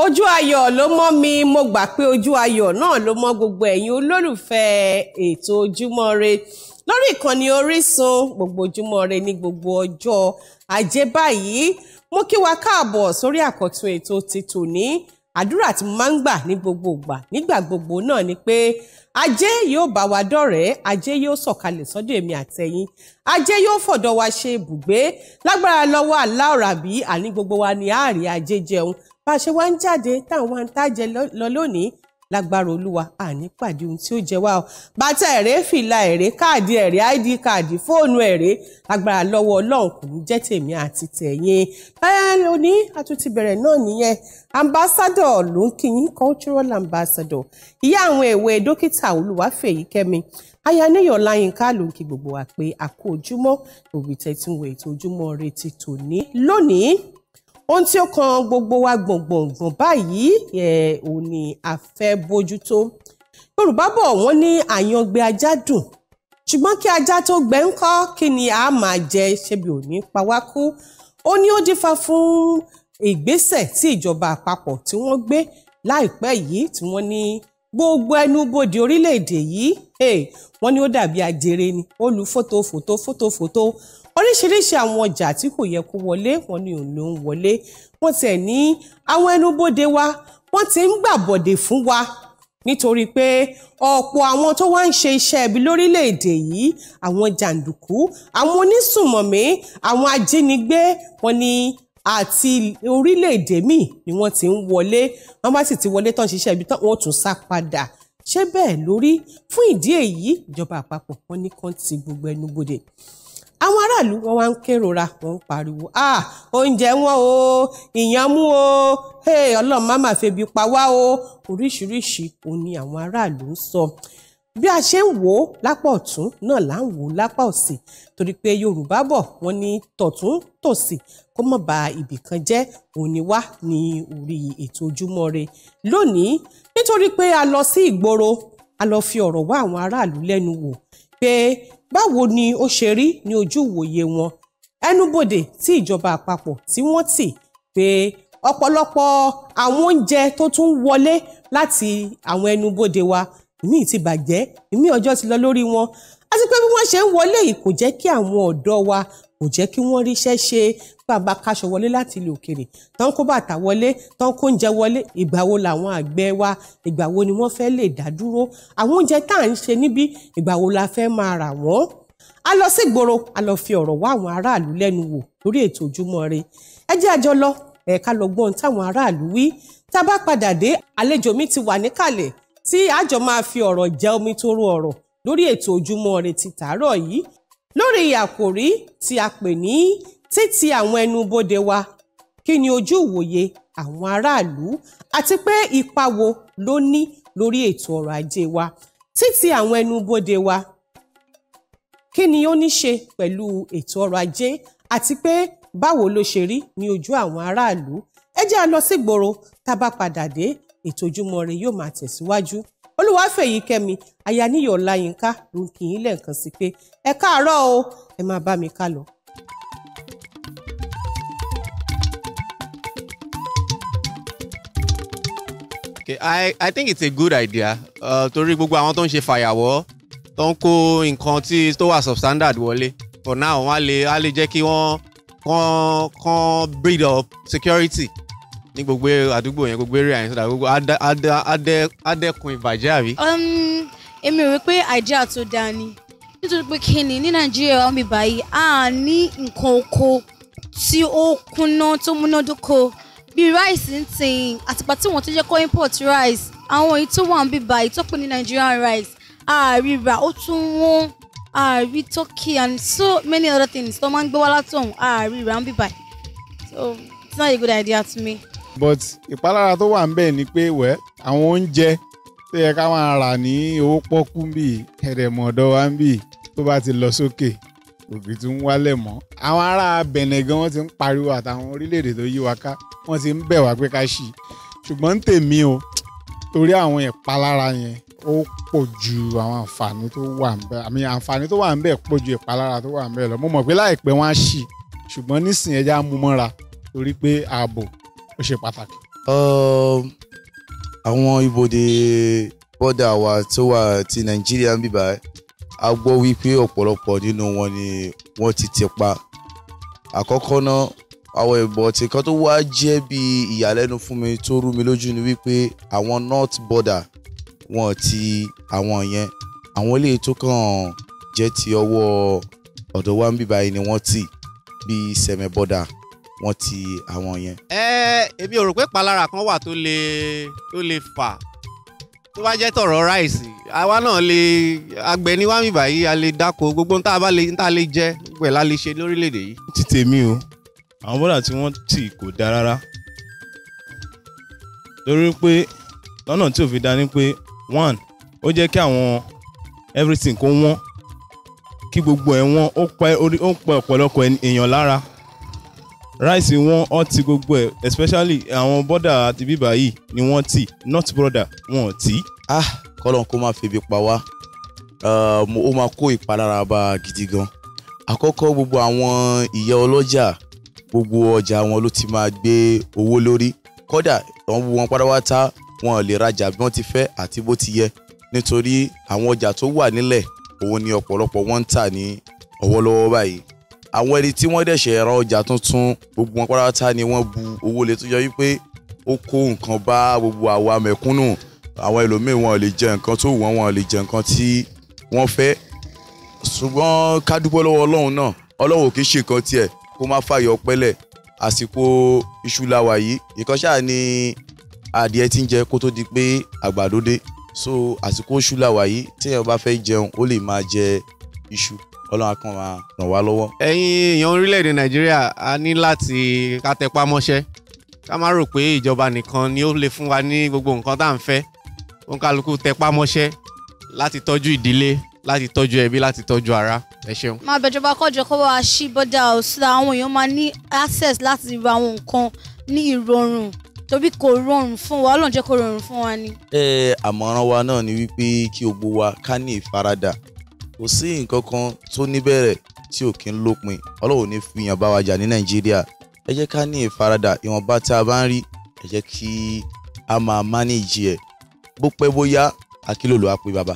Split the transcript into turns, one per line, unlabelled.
ojú ayọ̀ ló mọ́ mi mo gbà pé ojú ayọ̀ náà ló mọ́ gbogbo ẹ̀yin olólùfẹ́ ètò ojúmọ́ re lórí ìkànnì Orísun gbogbo ojúmọ́ re ní gbogbo ọjọ́ ajé báyìí mo kí wa káàbọ̀ sórí àkọ́tún ètò ti tòní àdúrà tí mo máa ń gbà ní gbogbo ìgbà nígbà gbogbo náà ni pé ajé yóò bá wa dọ̀rẹ́ ajé yóò sọ̀kalẹ̀ sọ́dọ̀ èmi àtẹ̀yin ajé yóò fọ̀dọ̀ wa ṣe ibùgbé lágbára lọ́wọ́ aláọ̀rà àní gbogbo wa ni àárín ajé jẹun bá a ṣe wá ń jáde táwọn wá ń tájẹ lọ lónìí lágbára olúwa àní pàdé ohun tí ó jẹ wá o bàtà èrè fìlà èrè káàdì èrè id káàdì fóònù èrè agbára lọ́wọ́ Ọlọ́run kò ní jẹ́ tèmi àti tẹ̀yin báyà òní àtúntì bẹ̀rẹ̀ náà nìyẹn ambassadọ ló cultural ambassador ìyá àwọn èwe dókítà Olúwafẹ́yìkẹ́mi ayaníyàn láyínká ló ń kí gbogbo wa pé àkójúmọ́ òbí tẹtí wọ ètò Ojúmọ́ Ire ti tòní lónìí ohun tí ó kan gbogbo wa gbọ̀ngbọ̀ngbọ̀n báyìí ò ní a fẹ́ bójútó yorùbá bọ̀ wọ́n ní àyàngbé ajá dùn ṣùgbọ́n kí ajá tó gbẹ ń kọ́ kí ni a máa jẹ ṣebí ò ní pa wá kú ó ní ó dífá fún ìgbésẹ̀ tí ìjọba àpapọ̀ tí wọ́n gbé láìpẹ́ yìí tí wọ́n ní gbogbo ẹnubodè orílẹ̀-èdè yìí wọ́n ní ó dàbí ajere ni ó lu fòtòfòtò fòtòfòtò oríṣiríṣi àwọn ọjà tí kò yẹ kó wọlé wọn ni ò ló ń wọlé wọn tẹ̀ ní àwọn ẹnubodè wa wọ́n ti ń gbàbọ̀dè fún wa nítorí pé ọ̀pọ̀ àwọn tó wá ń ṣe iṣẹ́ ibi lórílẹ̀‐èdè yìí àwọn jàǹdùkú àwọn onísùmọ̀mí àwọn ajínigbé wọn ni àti orílẹ̀‐èdè míì ni wọ́n ti ń wọlé wọ́n bá sì ti wọlé tán ṣiṣẹ́ ibi tán wọ́n tún sá padà ṣé bẹ́ẹ̀ lórí fún ìdí èyí ìjọba àpapọ̀ wọn ní kàn ti gbogbo ẹnubodè àwọn aráàlú wọn wá ń kérora wọn ń pariwo ah oúnjẹ wọn o ìyànmú o ọlọ́run má máa febi pa wá o oríṣiríṣi òun ni àwọn aráàlú ń sọ bí a ṣe ń wò ó lápá ọ̀tún náà là ń wò ó lápá òsì torí pé yorùbá bọ̀ wọ́n ní tọ̀tún tòsì kó má ba ibì kan jẹ́ òní wá ní orí ètò ojúmọ́ re lónìí nítorí pé a lọ sí ìgboro a lọ fi ọ̀rọ̀ wá àwọn aráàlú lẹ́nu wò pé báwo ni ó ṣe rí ní ojú ìwòye wọn ẹnubodè tí ìjọba àpapọ̀ tí wọ́n tì pé ọ̀pọ̀lọpọ̀ àwọn oúnjẹ tó tún wọlé láti àwọn ẹnubodè wa ìmíì ti bàjẹ́ ìmíì ọjọ́ ti lọ lórí wọn àti pé bí wọ́n ṣe ń wọlé yìí kò jẹ́ kí àwọn ọ̀dọ́ wa kò jẹ́ kí wọ́n ríṣẹ́ ṣe bàbá kaṣọ wọlé láti ilẹ̀ òkèrè tán kó bàtà wọlé tán kó oúnjẹ wọlé ìgbà wo làwọn àgbẹ̀ wa ìgbà ni wọ́n fẹ́ lè dá dúró àwọn oúnjẹ tá à ń ṣe níbí ìgbà la fẹ́ máa rà wọ́n a lọ sí ìgboro a lọ fi ọ̀rọ̀ wá àwọn aráàlú lẹ́nu wò lórí ètò Ojúmọ́ Ire ẹ jẹ́ àjọ lọ ẹ̀ka lọ gbọ́n táwọn aráàlú wí tá a bá padà dé àlejò mi ti wà níkàlẹ̀ tí àjọ máa fi ọ̀rọ̀ jẹ omi tó rú ọ̀rọ̀ lórí ètò Ojúmọ́ Ire ti tàárọ̀ yìí lórí àkòrí tí a pè ní títì àwọn ẹnubodè wa kí ni ojú ìwòye àwọn aráàlú àti pé ipa wo ló ní lórí ètò ọrọ̀ ajé wa títì àwọn ẹnubodè wa kí ni ó ní ṣe pẹ̀lú ètò ọrọ̀ ajé àti pé báwo ló ṣe rí ní ojú àwọn aráàlú ẹ jẹ́ a lọ sígboro tá a bá padà dé ètò Ojúmọ́ Ire yóò máa tẹ̀síwájú olúwàfẹ̀yìkẹ́mi ayaníyọ ọláyínká ló ń kí yín sí pé ẹ káàárọ̀ o ẹ máa bá mi ká lọ.
Okay, I, I think it's a good idea uh, torí gbogbo àwọn tó ń ṣe fàyàwọ́ tó ń kó nǹkan tí tó wà substandard wọlé for now wọ́n á lè jẹ́ kí wọ́n kàn kàn breed of security ní gbogbo àdúgbò yẹn gbogbo area yẹn sọdá gbogbo adẹ́kun ìbàjẹ́ àbí.
Um, èmi ò rí pé àìjíríà tó dáa ni nítorí pé kíni ní nàìjíríà wọn bí báyìí a ní nǹkan oko tí ó kúnná tó múnádóko bíi ráìsì ń tìyìn àtìpá tí wọn tó jẹ́ kó import rice àwọn èyí tó wà ń bí báyìí tó pè ní Nigerian rice àríra ó tún wọ́n àrí turkey and so many other things tó máa ń gbé wá látọ̀hún àríra ń bí báyìí so it's not a good idea to me
but ìpalára tó wà ń bẹ̀ ni pé wẹ́ àwọn oúnjẹ tó yẹ ká máa rà ní owó pọ́kú bí ẹ̀rẹ̀mọ̀dọ́ wa ń bì tó bá ti lọ sókè òbí tún wálẹ̀ mọ́ àwọn ará Bẹ̀nẹ̀ gan wọ́n ti ń pariwo àtàwọn orílẹ̀ tó yí wa ká wọ́n ti ń bẹ̀ wá pé ká ṣí ṣùgbọ́n tèmi o torí àwọn ìpalára yẹn ó pọ̀ ju àwọn àǹfààní tó wà ń bẹ̀ àmì àǹfààní tó wà ń bẹ̀ pọ̀ ju ìpalára tó wà ń lọ mo mọ̀ pé láìpẹ́ wọ́n á ṣí ṣùgbọ́n nísìnyẹn já mú mọ́ra torí pé ààbò ó ṣe pàtàkì.
Um, àwọn ibodè bọ́dà wa tó wà ti nàìjíríà ń bíbá a gbọ́ wípé ọ̀pọ̀lọpọ̀ nínú wọn ni wọ́n ti ti pa àkọ́kọ́ náà àwọn ìbọn tí kan tó wá jẹ́ bí ìyàlẹ́nu fún mi tó rú mi lójú ni wípé àwọn north border wọn ti àwọn yẹn àwọn ilé tó kàn jẹ́ ti ọwọ́ ọ̀dọ̀ wa ń bíbá yìí ni wọ́n ti bíi sẹ̀mẹ̀ border wọ́n ti àwọn yẹn.
ẹ èmi ò rò pé palára kan wà tó lè tó lè fà tó bá jẹ́ tọ̀rọ̀ ráìsì àwa náà lè àgbẹ̀ ní wàmí báyìí a lè dáko gbogbo tá a bá lè tá a lè jẹ pẹ̀ la lè ṣe lórílẹ̀‐èdè yìí.
ti tèmi o àwọn bọ́dà tí wọ́n tì kò dáa rárá torí pé lọ́nà tí ò fi dáa ni pé one ó jẹ́ kí àwọn everything kó wọ́n kí gbogbo ẹ̀ wọ́n ó pa ọ̀pọ̀lọpọ̀ èèyàn lára rice wọn ọ ti gbogbo ẹ especially àwọn bọ́dà àti bíbà yìí ni wọ́n tì not brother wọn ò tì. ah kọ́lọ́n kó máa febi pa wá ah, ó máa kó ìpalára bá a gidi gan àkọ́kọ́ gbogbo àwọn ìyá ọlọ́jà gbogbo ọjà wọn ló ti máa gbé owó lórí kódà àwọn gbogbo wọn padà wá ta wọn lè rajà bí wọ́n ti fẹ́ àti bó ti yẹ nítorí àwọn ọjà tó wà nílẹ̀ òun ni ọ̀pọ̀lọpọ̀ wọn ń tà ní ọwọ́lọ́wọ́ báyìí àwọn ẹni tí wọ́n dẹ̀ṣẹ̀ ra ọjà tuntun gbogbo wọn pátápátá ni wọ́n bu owó lé tó jọ wípé ó kó nǹkan bá gbogbo àwa mẹ̀kúnnù àwọn ẹlòmíín wọn ò lè jẹ nǹkan tó wù wọ́n wọn ò lè jẹ nǹkan tí wọ́n fẹ́ ṣùgbọ́n ká dúpẹ́ lọ́wọ́ ọlọ́run náà ọlọ́run ò kí ń ṣe nǹkan tiẹ̀ kó má fàyọ ọpẹ́lẹ̀ àsìkò iṣu la wà yìí nǹkan ṣáà ni adìẹ ti ń jẹ kó tó di pé àgbàdo dé so àsìkò iṣu la wà yìí téèyàn bá fẹ́ jẹun ó lè máa jẹ iṣu ọlọ́run kan wa ràn wá lọ́wọ́. ẹ̀yin èèyàn orílẹ̀-èdè
nàìjíríà a ní láti ká tẹpá mọ́ṣẹ́ ká má rò pé ìjọba nìkan ni ó lè fún wa ní gbogbo nǹkan tá à ń fẹ́ ó ń kálukú tẹpá láti tọ́jú ìdílé láti tọ́jú ẹbí láti tọ́jú ara ẹ ṣeun.
máa bẹ̀jọba kọjọ kó wá sí bọ́dà ọ̀sùn àwọn èèyàn máa ní access láti ra àwọn nǹkan ní ìrọ̀rùn torí kò rọrùn fún wa ọlọ́run jẹ́ kó rọrùn fún wa ni.
ẹ àmọ̀ràn wa náà ni wípé kí gbogbo wa ká ní ìfaradà kò sí nǹkan kan tó níbẹ̀rẹ̀ tí ò kí ń lópin ọlọ́run ní fi yàn bá wa jà ní nàìjíríà ẹ jẹ́ ká ní ìfaradà ìwọ̀nba tá a bá ń rí ẹ jẹ́ kí a máa manage ẹ̀ bó pẹ́ bóyá akílòlò á pé bàbá.